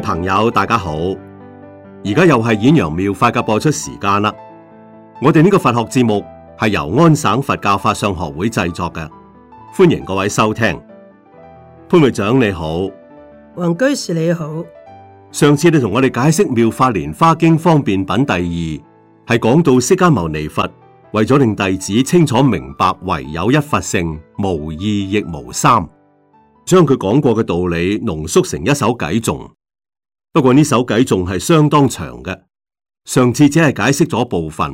朋友，大家好！而家又係演揚妙法嘅播出時間啦。我哋呢個佛學節目係由安省佛教法相學會製作嘅，歡迎各位收聽。潘會長你好，黃居士你好。上次你同我哋解釋妙法蓮華經方便品第二，係講到釋迦牟尼佛為咗令弟子清楚明白，唯有一佛性，無二亦無三，將佢講過嘅道理濃縮成一首偈頌。不過呢首偈仲係相當長嘅，上次只係解釋咗部分，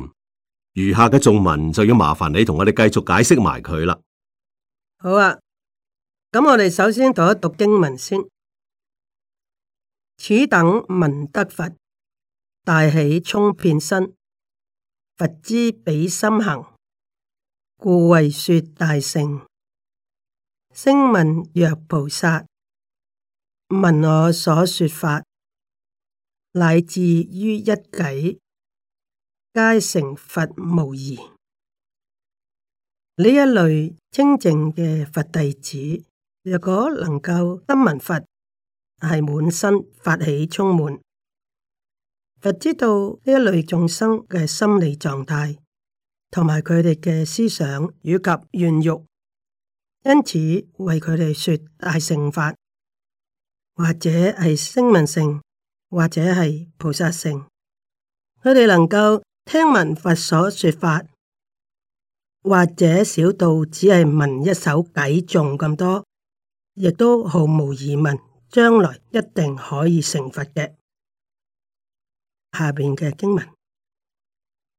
餘下嘅眾文就要麻煩你同我哋繼續解釋埋佢啦。好啊，咁我哋首先讀一讀經文先。此等聞得佛，大喜充遍身，佛知彼心行，故為說大乘。聲聞若菩薩，聞我所說法。乃至於一偈，皆成佛無疑。呢一類清淨嘅佛弟子，若果能夠得聞佛，係滿身法喜充滿。佛知道呢一類眾生嘅心理狀態，同埋佢哋嘅思想以及願欲，因此為佢哋說大乘法」，或者係聲聞乘」。或者係菩薩性，佢哋能夠聽聞佛所說法，或者小到只係聞一首偈頌咁多，亦都毫無疑問，將來一定可以成佛嘅。下邊嘅經文：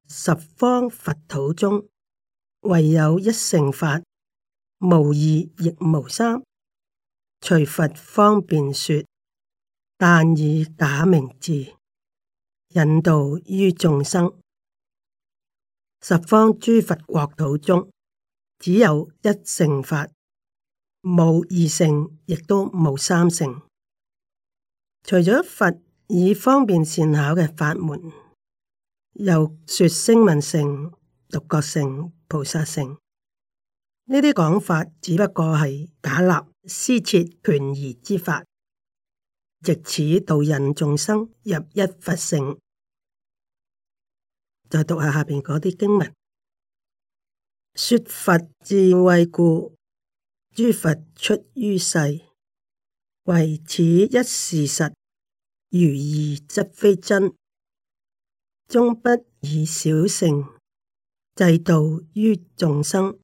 十方佛土中，唯有一乘法，無二亦無三，除佛方便說。但以假名字引導於眾生，十方諸佛國土中，只有一乘法，冇二乘，亦都冇三乘。除咗佛以方便善巧嘅法門，又說聲聞乘、獨覺乘、菩薩乘，呢啲講法只不過係假立、施設權宜之法。直此度人眾生入一佛乘，再讀下下邊嗰啲經文：說佛智慧故，諸佛出於世，唯此一事實，餘二則非真，終不以小乘制度於眾生。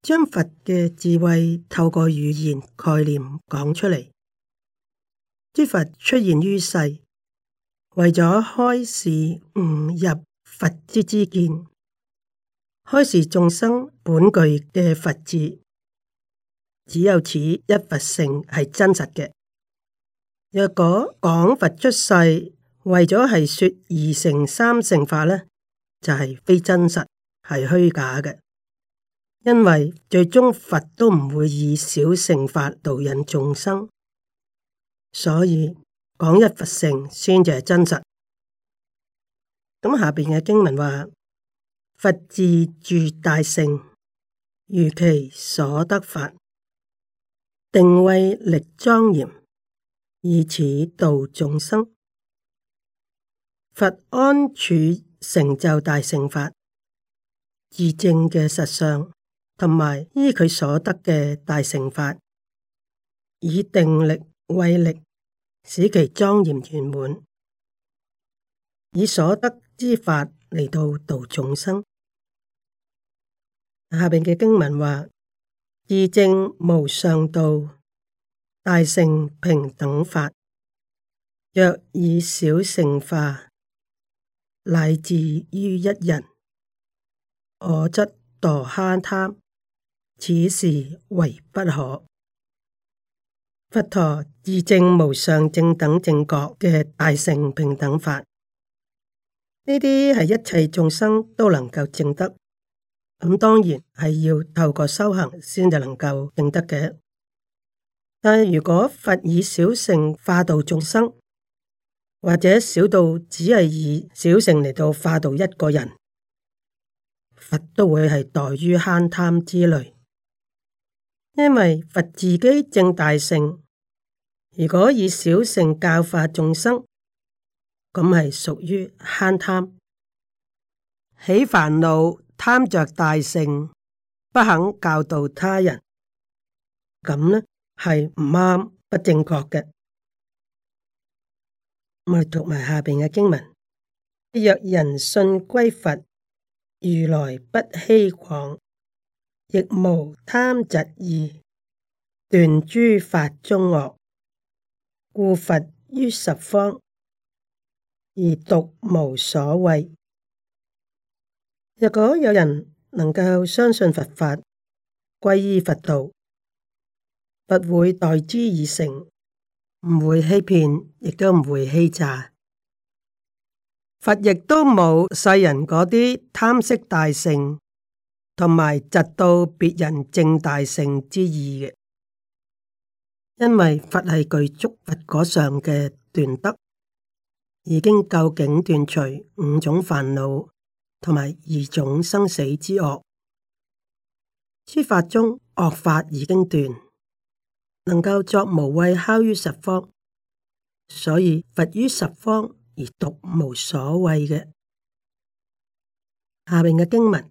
將佛嘅智慧透過語言概念講出嚟。諸佛出現於世，為咗開示悟入佛之知見，開示眾生本具嘅佛智，只有此一佛性係真實嘅。若果講佛出世，為咗係說二乘三乘法呢就係、是、非真實，係虛假嘅，因為最終佛都唔會以小乘法導引眾生。所以講一佛乘，先就係真實。咁下邊嘅經文話：佛自住大乘，如其所得法，定慧力莊嚴，以此度眾生。佛安處成就大乘法，自證嘅實相，同埋依佢所得嘅大乘法，以定力為力。使其莊嚴圓滿，以所得之法嚟到度眾生。下邊嘅經文話：自證無上道，大乘平等法，若以小乘化，乃至於一人，我則墮慳貪，此事為不可。佛陀。二正、無上正等正覺嘅大乘平等法，呢啲係一切眾生都能夠證得，咁當然係要透過修行先至能夠證得嘅。但如果佛以小乘化度眾生，或者小到只係以小乘嚟到化度一個人，佛都會係墮於慳貪之類，因為佛自己正大乘。如果以小乘教化眾生，咁係屬於慳貪喜煩惱，貪着大乘，不肯教導他人，咁呢係唔啱、不正確嘅。我哋讀埋下邊嘅經文：若人信歸佛，如來不欺誑，亦無貪嫉意，斷諸法中惡。故佛於十方而獨無所謂。若果有人能夠相信佛法，歸依佛道，不會待之以誠，唔會欺騙，亦都唔會欺詐。佛亦都冇世人嗰啲貪色大聖同埋窒到別人正大聖之意嘅。因為佛係具足佛果上嘅斷德，已經究竟斷除五種煩惱同埋二種生死之惡，諸法中惡法已經斷，能夠作無畏，敲於十方，所以佛於十方而獨無所畏嘅。下面嘅經文：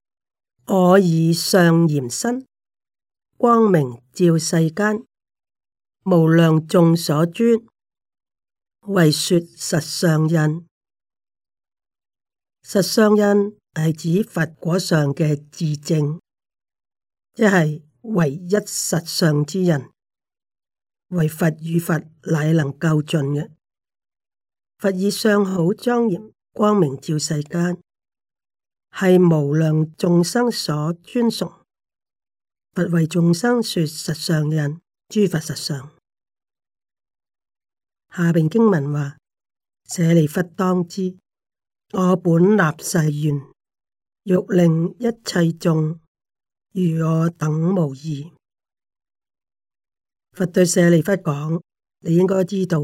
我以相嚴身，光明照世間。無量眾所尊，為說實相印。實相印係指佛果上嘅智證，即係唯一實相之人，唯佛與佛乃能夠盡嘅。佛以相好莊嚴，光明照世間，係無量眾生所尊崇。佛為眾生說實相印，諸佛實相。下邊經文話：舍利弗當知，我本立誓願，欲令一切眾如我等無異。佛對舍利弗講：你應該知道，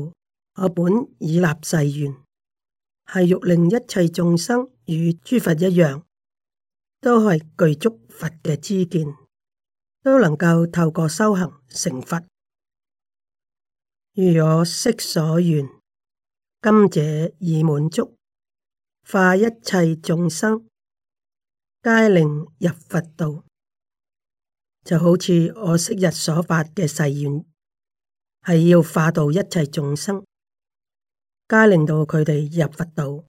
我本已立誓願，係欲令一切眾生與諸佛一樣，都係具足佛嘅知見，都能夠透過修行成佛。如我昔所願，今者已滿足，化一切眾生，皆令入佛道。就好似我昔日所發嘅誓願，係要化到一切眾生，皆令到佢哋入佛道。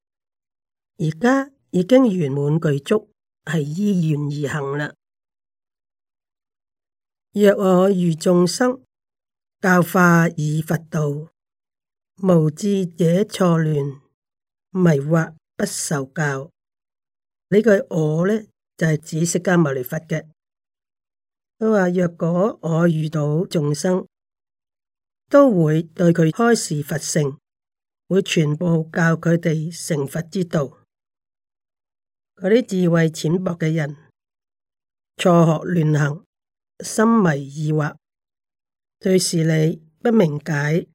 而家已經圓滿具足，係依願而行喇。若我如眾生。教化以佛道，無智者錯亂，迷惑不受教。呢句我呢就係指釋迦牟尼佛嘅。佢話：若果我遇到眾生，都會對佢開示佛性，會全部教佢哋成佛之道。嗰啲智慧淺薄嘅人，錯學亂行，心迷意惑。對事理不明解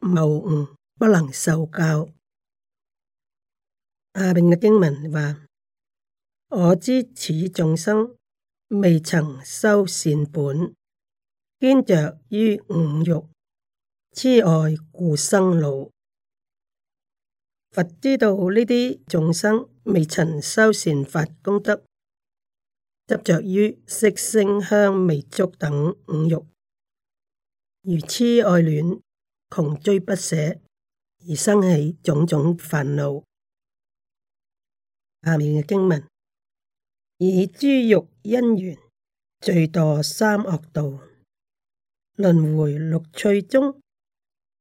無悟不能受教。下面嘅經文話：我知此眾生未曾修善本，堅着於五欲，痴愛故生老。佛知道呢啲眾生未曾修善法功德，執着於色聲香味觸等五欲。如癡愛戀，窮追不捨，而生起種種煩惱。下面嘅經文，以諸欲因緣，墜墮三惡道，輪回六趣中，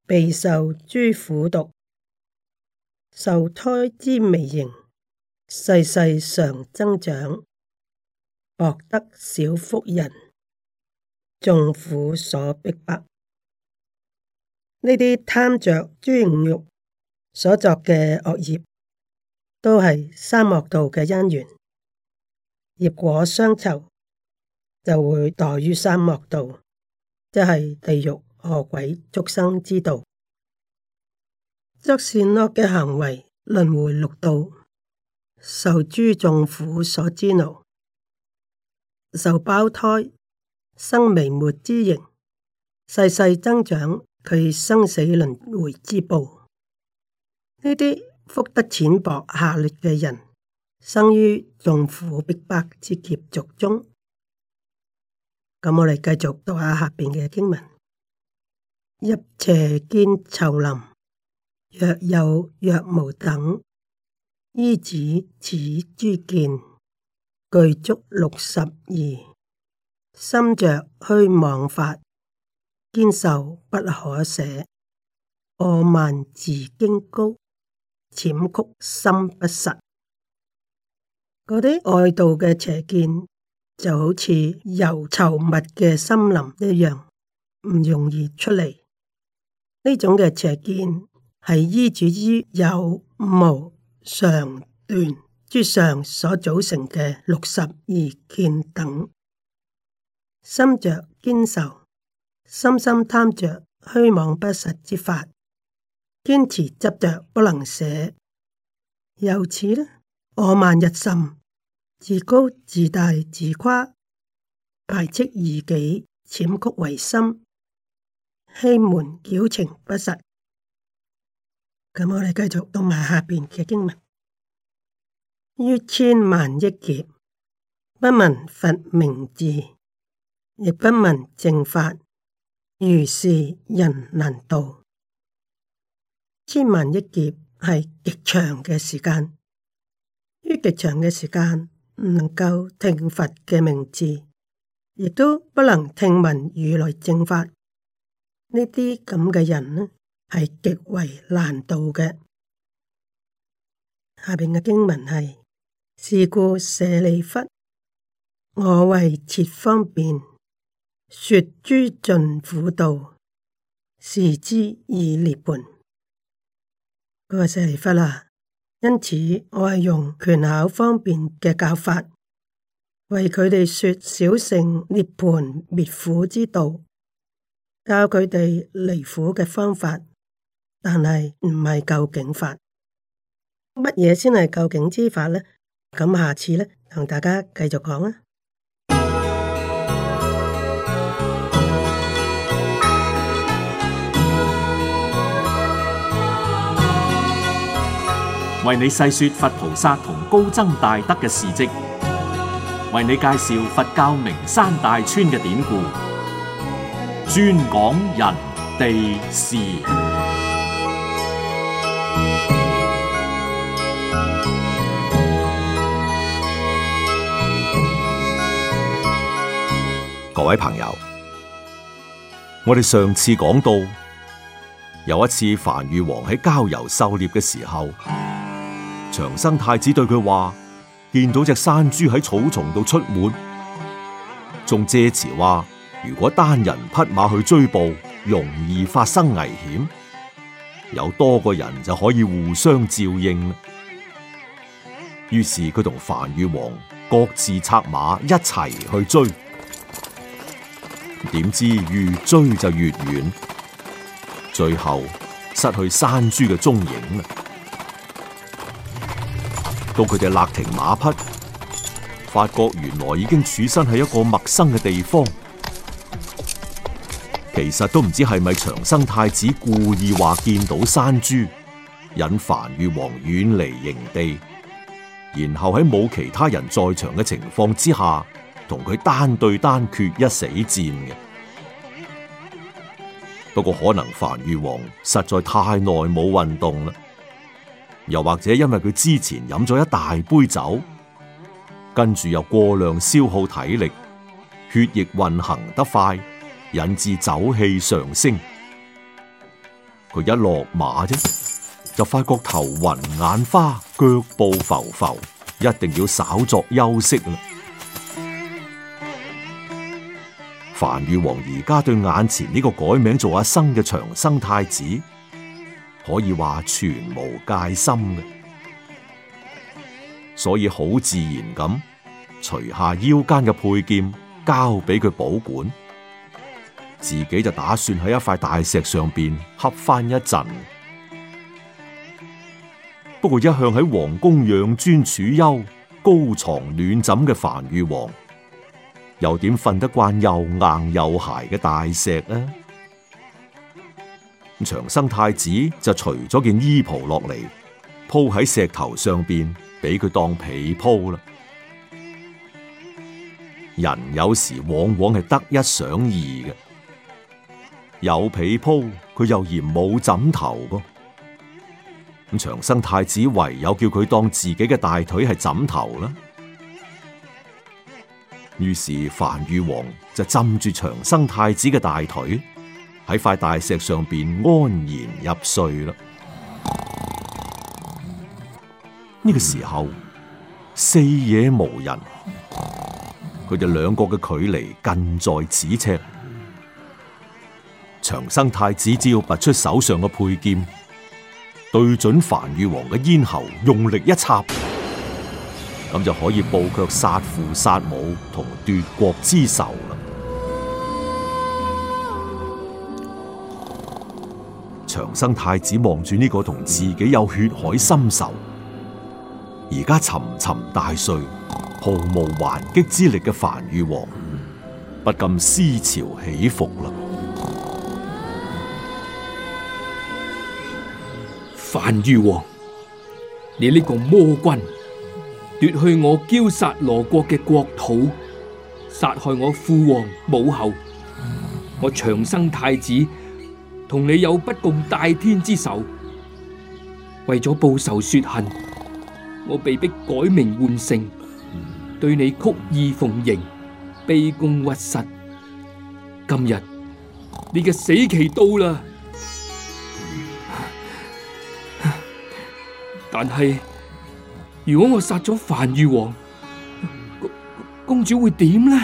備受諸苦毒，受胎之微形，世世常增長，薄德少福人，眾苦所逼迫。呢啲貪着諸五欲所作嘅惡業，都係三惡道嘅因緣，業果相酬，就會墮於三惡道，即係地獄、餓鬼、畜生之道。則善惡嘅行為輪迴六道，受諸眾苦所煎熬，受胞胎生微末之形，世世增長。佢生死輪迴之報，呢啲福德淺薄下劣嘅人生於眾苦逼迫之劫濁中，咁我哋繼續讀下下邊嘅經文：入邪見稠林，若有若無等，依止此諸見，具足六十二，心着虛妄法。堅守不可捨，傲慢自矜高，諂曲心不實。嗰啲外道嘅邪見，就好似幽稠密嘅森林一樣，唔容易出嚟。呢種嘅邪見，係依止於有無常斷之上所組成嘅六十二見等，深着堅守。深深貪着虛妄不實之法，堅持執着不能捨，由此呢，我慢日甚，自高自大自誇，排斥異己、己，諂曲為心，欺瞞矯情不實 Rut。咁我哋繼續讀埋下邊嘅經文：於千萬億劫，不聞佛名字，亦不聞正法。如是人難度，千萬億劫係極長嘅時間，於極長嘅時間唔能夠聽佛嘅名字，亦都不能聽聞如來正法，呢啲咁嘅人呢係極為難度嘅。下邊嘅經文係是故舍利弗，我為設方便。說諸盡苦道，示之以涅盤。佢話舍利弗啦，因此我係用權巧方便嘅教法，為佢哋說小乘涅盤滅苦之道，教佢哋離苦嘅方法。但係唔係究竟法，乜嘢先係究竟之法咧？咁下次咧，同大家繼續講啊！為你細說佛菩薩同高僧大德嘅事跡，為你介紹佛教名山大川嘅典故，專講人地事。各位朋友，我哋上次講到，有一次梵豫王喺郊遊狩獵嘅時候。長生太子對佢話：見到隻山豬喺草叢度出沒，仲借詞話：如果單人匹馬去追捕，容易發生危險，有多個人就可以互相照應。於是佢同梵豫王各自策馬一齊去追，點知越追就越遠，最後失去山豬嘅蹤影啦。到佢哋勒停馬匹，發覺原來已經處身喺一個陌生嘅地方。其實都唔知係咪長生太子故意話見到山豬，引梵豫王遠離營地，然後喺冇其他人在場嘅情況之下，同佢單對單決一死戰嘅。不過可能梵豫王實在太耐冇運動啦。又或者因為佢之前飲咗一大杯酒，跟住又過量消耗體力，血液運行得快，引致酒氣上升。佢一落馬啫，就發覺頭暈眼花，腳步浮浮，一定要稍作休息啦。梵豫王而家對眼前呢個改名做阿生嘅長生太子，可以話全無戒心嘅，所以好自然咁除下腰間嘅佩劍，交俾佢保管，自己就打算喺一塊大石上邊恰翻一陣。不過一向喺皇宮養尊處優、高床暖枕嘅梵豫王，又點瞓得慣又硬又鞋嘅大石呢？長生太子就除咗件衣袍落嚟，鋪喺石頭上邊，俾佢當被鋪啦。人有時往往係得一想二嘅，有被鋪佢又嫌冇枕頭噃。咁長生太子唯有叫佢當自己嘅大腿係枕頭啦。於是梵豫王就枕住長生太子嘅大腿。喺塊大石上面安然入睡啦。呢個時候四野無人，佢哋兩個嘅距離近在咫尺。長生太子只要拔出手上嘅佩劍，對準梵豫王嘅咽喉用力一插，咁就可以報卻殺父殺母同奪國之仇啦。長生太子望住呢個同自己有血海深仇，而家沉沉大睡，毫無還擊之力嘅范玉王，不禁思潮起伏啦。范玉王，你呢個魔君，奪去我驕殺羅國嘅國土，殺害我父王母后，我長生太子。同你有不共戴天之仇，為咗報仇雪恨，我被迫改名換姓，對你曲意奉迎，卑躬屈膝。今日你嘅死期到啦！但係如果我殺咗梵豫王，公主會點呢？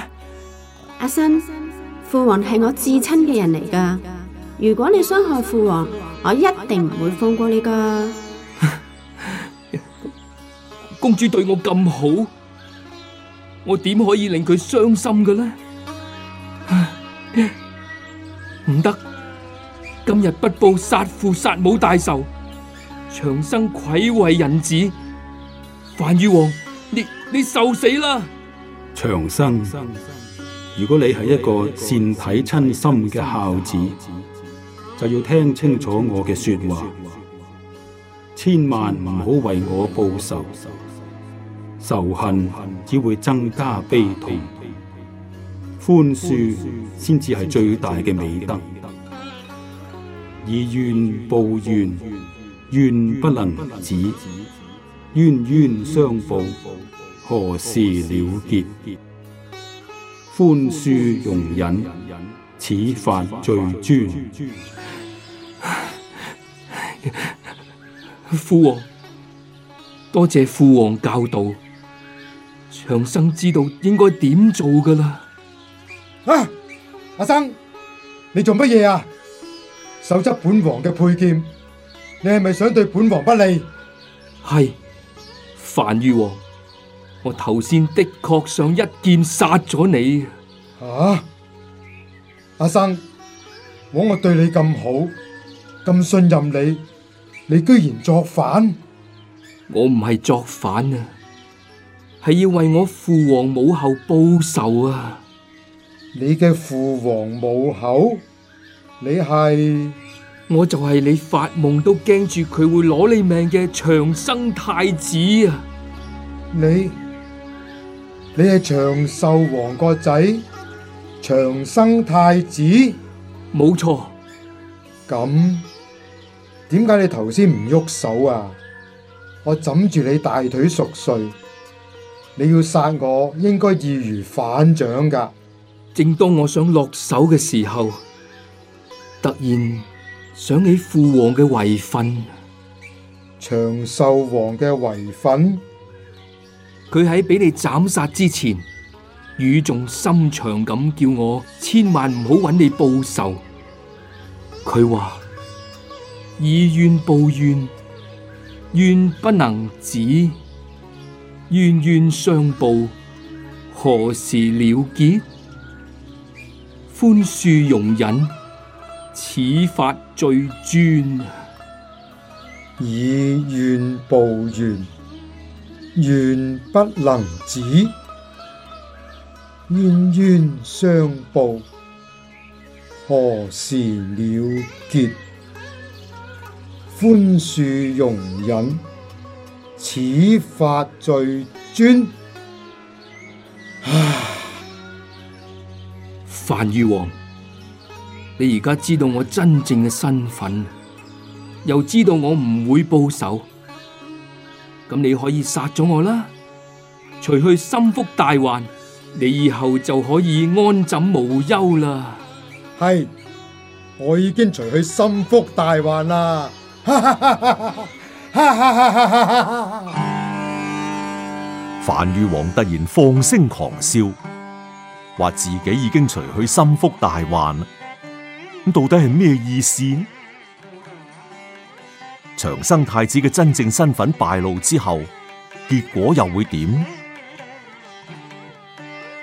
阿新，父王係我至親嘅人嚟噶。如果你傷害父王，我一定唔會放過你噶。 公主對我咁好，我點可以令佢傷心噶呢？唔 得，今日不報殺父殺母大仇，長生愧為人子。梵豫王，你你受死啦！長生，如果你係一個善體親心嘅孝子。就要聽清楚我嘅說話，千萬唔好為我報仇，仇恨只會增加悲痛，寬恕先至係最大嘅美德。以怨報怨，怨不能止，冤冤相報，何時了結？寬恕容忍。此犯罪尊， 父王，多謝父王教導，長生知道應該點做㗎喇。啊，阿生，你做乜嘢啊？手執本王嘅佩劍，你係咪想對本王不利？係，梵豫王，我頭先的確想一劍殺咗你。啊？阿生，枉我對你咁好，咁信任你，你居然作反！我唔係作反啊，係要為我父王母后報仇啊！你嘅父王母后，你係……我就係你發夢都驚住佢會攞你命嘅長生太子啊！你，你係長壽王個仔？長生太子，冇錯。咁點解你頭先唔喐手啊？我枕住你大腿熟睡，你要殺我，應該易如反掌㗎。正當我想落手嘅時候，突然想起父王嘅遺訓，長壽王嘅遺訓，佢喺俾你斬殺之前。語重心長咁叫我千萬唔好揾你報仇。佢話以怨報怨，怨不能止，怨怨相報，何時了結？寬恕容忍，此法最尊。以怨報怨，怨不能止。冤冤相報，何時了結？寬恕容忍，此法最尊。唉，范玉王，你而家知道我真正嘅身份，又知道我唔會報仇，咁你可以殺咗我啦，除去心腹大患。你以後就可以安枕無憂啦。係，我已經除去心腹大患啦。哈哈，哈，哈，哈，哈，哈，哈。梵豫王突然放聲狂笑，話自己已經除去心腹大患。咁到底係咩意思？長生太子嘅真正身份敗露之後，結果又會點？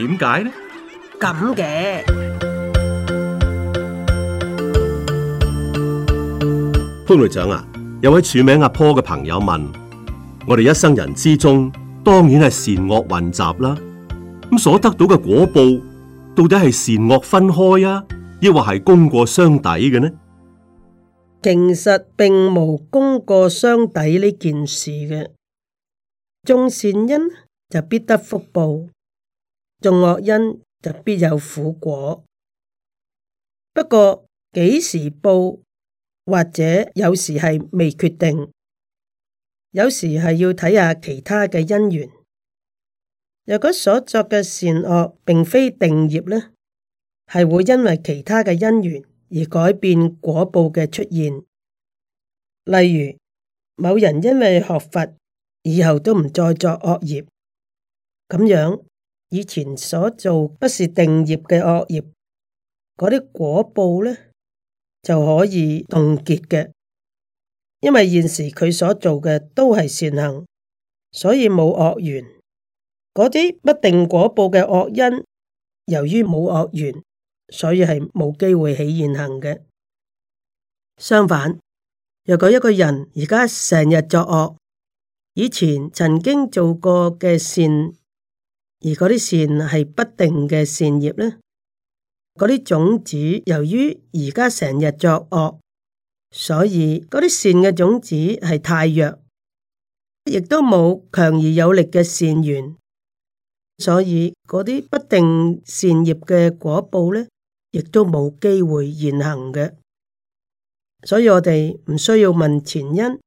點解呢？咁嘅潘隊長啊，有位署名阿坡嘅朋友問：我哋一生人之中，當然係善惡混雜啦。咁所得到嘅果報，到底係善惡分開啊，抑或係功過相抵嘅呢？其實並無功過相抵呢件事嘅，種善因就必得福報。種惡因就必有苦果，不過幾時報，或者有時係未決定，有時係要睇下其他嘅因緣。若果所作嘅善惡並非定業呢，係會因為其他嘅因緣而改變果報嘅出現。例如，某人因為學佛，以後都唔再作惡業，咁樣。以前所做不是定業嘅惡業，嗰啲果報呢就可以凍結嘅，因為現時佢所做嘅都係善行，所以冇惡緣。嗰啲不定果報嘅惡因，由於冇惡緣，所以係冇機會起現行嘅。相反，若果一個人而家成日作惡，以前曾經做過嘅善，而嗰啲善係不定嘅善業咧，嗰啲種子由於而家成日作惡，所以嗰啲善嘅種子係太弱，亦都冇強而有力嘅善緣，所以嗰啲不定善業嘅果報咧，亦都冇機會現行嘅。所以我哋唔需要問前因，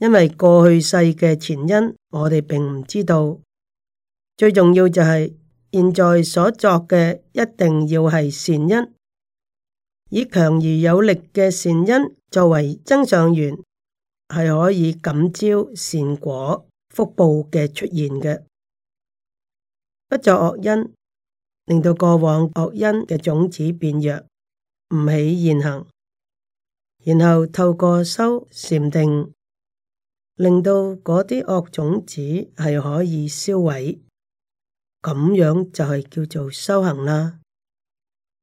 因為過去世嘅前因，我哋並唔知道。最重要就係、是、現在所作嘅一定要係善因，以強而有力嘅善因作為增上緣，係可以感招善果福報嘅出現嘅。不作惡因，令到過往惡因嘅種子變弱，唔起現行。然後透過修禪定，令到嗰啲惡種子係可以銷毀。咁樣就係叫做修行啦。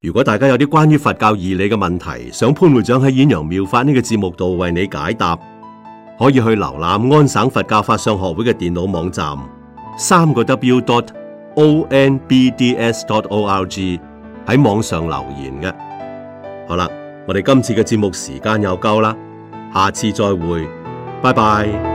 如果大家有啲關於佛教義理嘅問題，想潘會長喺《演揚妙法》呢、這個節目度為你解答，可以去瀏覽安省佛教法相學會嘅電腦網站，三個 w dot o n b d s dot o r g 喺網上留言嘅。好啦，我哋今次嘅節目時間又夠啦，下次再會，拜拜。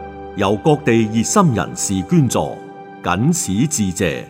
由各地熱心人士捐助，謹此致謝。